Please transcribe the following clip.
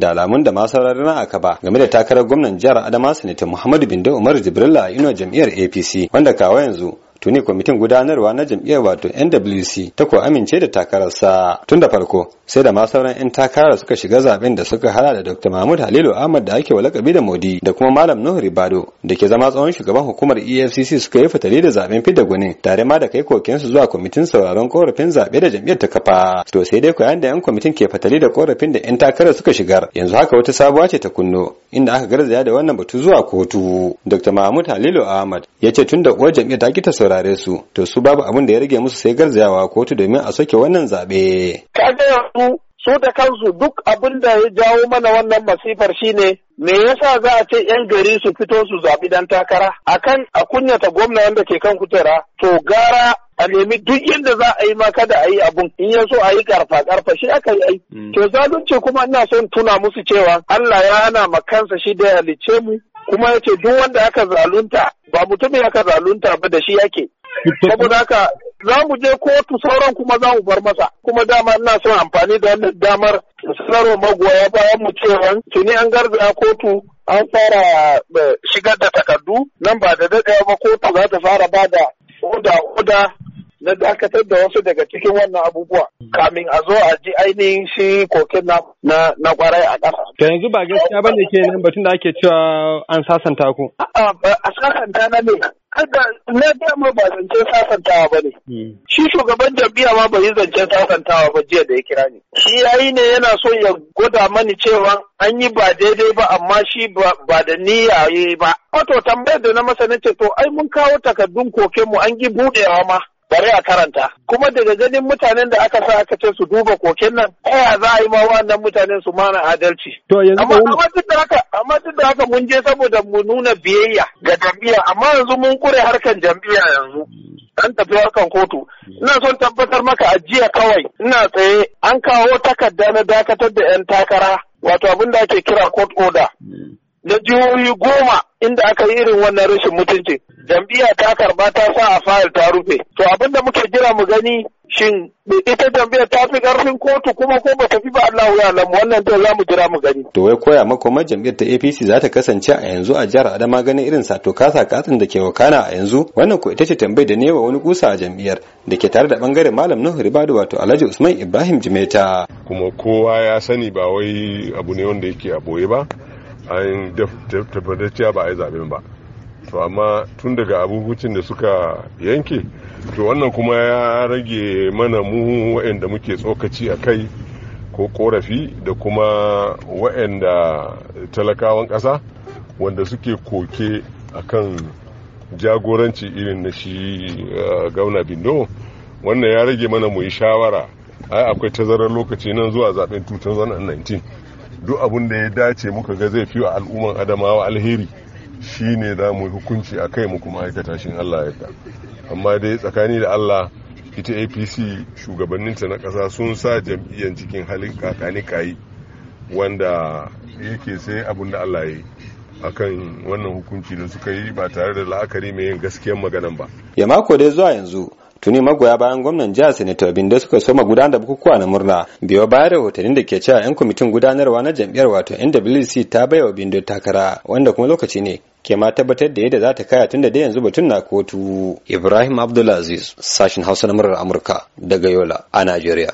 da alamun da masu rarrana aka ba game da takarar gwamnan jihar Adama Sanata Muhammadu Bindo Umar Jibrilla a inuwar jam'iyyar APC wanda kawo yanzu tuni kwamitin gudanarwa na jam'iyyar wato NWC ta ko amince da takararsa tun da farko sai da ma sauran 'yan takarar suka shiga zaben da suka hada da Dr. Mahmud Halilu Ahmad da ake walakabi da Modi da kuma Malam Nuhu Ribado da ke zama tsawon shugaban hukumar EFCC suka yi fatali da zaben fidda gwanin tare ma da kai kokensu zuwa kwamitin sauraron korafin zabe da jam'iyyar ta kafa to sai dai koyan da 'yan kwamitin ke fatali da korafin da 'yan takarar suka shigar yanzu haka wata sabuwa ce ta kunno inda aka garzaya da wannan batu zuwa kotu Dr. Mahmud Halilu Ahmad ya ce tun da uwar jam'iyyar ta ki sare su to su babu abin da ya rage musu sai garzayawa kotu domin a soke wannan zaɓe. Kaga su da kansu duk abin da ya jawo mana wannan masifar shine me yasa za a ce 'yan gari su fito su zaɓi dan takara akan a kunyata gwamna wanda ke kan kutera to gara a nemi duk inda za a yi ma kada a yi abun in ya so a yi karfa karfa shi aka yi ai mm. to zalunci kuma ina son tuna musu cewa Allah ya hana ma kansa shi da ya halice mu kuma ya ce duk wanda aka zalunta ba mutumin aka zalunta ba da shi yake saboda haka za mu je kotu sauran kuma za mu bar masa kuma dama ina son amfani da wannan damar sanarwa magoya bayan mu cewa tuni an garzaya kotu an fara eh, shigar da takardu nan ba da daɗewa ba kotu za ta fara ba da oda oda na dakatar da wasu daga cikin wannan abubuwa kamin a zo a ji ainihin shi kokin na na kwarai a ƙasa. Da yanzu ba gaskiya bane ke nan batun da ake cewa an sasanta ku. A'a a sasanta na ne na dama ba zancen sasantawa ba ne. Hmm. Shi shugaban jam'iyya ma bai yi zancen sasantawa ba jiya da ya kira ni. Shi yayi ne yana so ya gwada mani cewa an yi ba daidai ba amma shi ba da niyya ba. Wato tambayar da na masa na ce to ai mun kawo takardun kokenmu an gi budewa ma. bari a karanta kuma daga ganin mutanen da aka sa aka ce su duba koken nan ɗaya za a yi ma wannan mutanen su mana adalci to yanzu amma duk da haka amma duk da haka mun je saboda mu nuna biyayya ga jam'iyya amma yanzu mun kure harkan jam'iyya yanzu an tafi harkan kotu ina son tabbatar maka a jiya kawai ina tsaye an kawo takarda na dakatar da 'yan takara wato abin da ake kira court order na jihohi goma inda aka yi irin wannan rashin mutunci. Jam'iyya ta karba ta sa a fayil ta rufe. To abin da muke jira mu gani shin ita jam'iyya ta fi karfin kotu kuma ko bata fi ba Allah ya lamu wannan to za mu jira mu gani. To wai koya makomar jam'iyyar ta APC za ta kasance a yanzu a jihar Adama ganin irin sato kasa katsin da ke wakana a yanzu wannan ko ita ce tambayar da ne wa wani kusa a jam'iyyar da ke tare da bangaren malam Nuhu Ribadu wato Alhaji Usman Ibrahim Jimeta. Kuma kowa ya sani ba wai abu ne wanda yake a boye ba an tabbatar ba a yi zaben ba to amma tun daga abubuwan da suka yanke to wannan kuma ya rage mana mu waɗanda muke tsokaci a kai ko korafi da kuma waɗanda talakawan ƙasa wanda suke koke akan jagoranci irin na shi eh, gauna bindo wannan ya rage mana mu yi shawara ai akwai tazarar lokaci nan zuwa zaben 2019 duk abin da ya dace muka ga zai fi al'umman adamawa alheri shine za mu hukunci a kai mu kuma aikata shi Allah ya ta amma dai tsakani da Allah ita APC shugabanninta na ƙasa sun sa jam'iyyar cikin halin kakani kayi wanda yake sai abin da Allah ya yi akan wannan hukunci da suka yi ba tare da la'akari mai yin gaskiyar maganan ba ya mako zuwa yanzu tuni magoya bayan gwamnan jihar senator bindo suka soma gudanar da bukukuwa na murna biyo bayan rahotannin da ke cewa yan kwamitin gudanarwa na jam'iyyar wato nwc ta baiwa bindo takara wanda kuma lokaci ne ke ma tabbatar da yadda za ta kaya tun da dai yanzu batun na kotu ibrahim abdulaziz sashin hausa na murar amurka daga yola a najeriya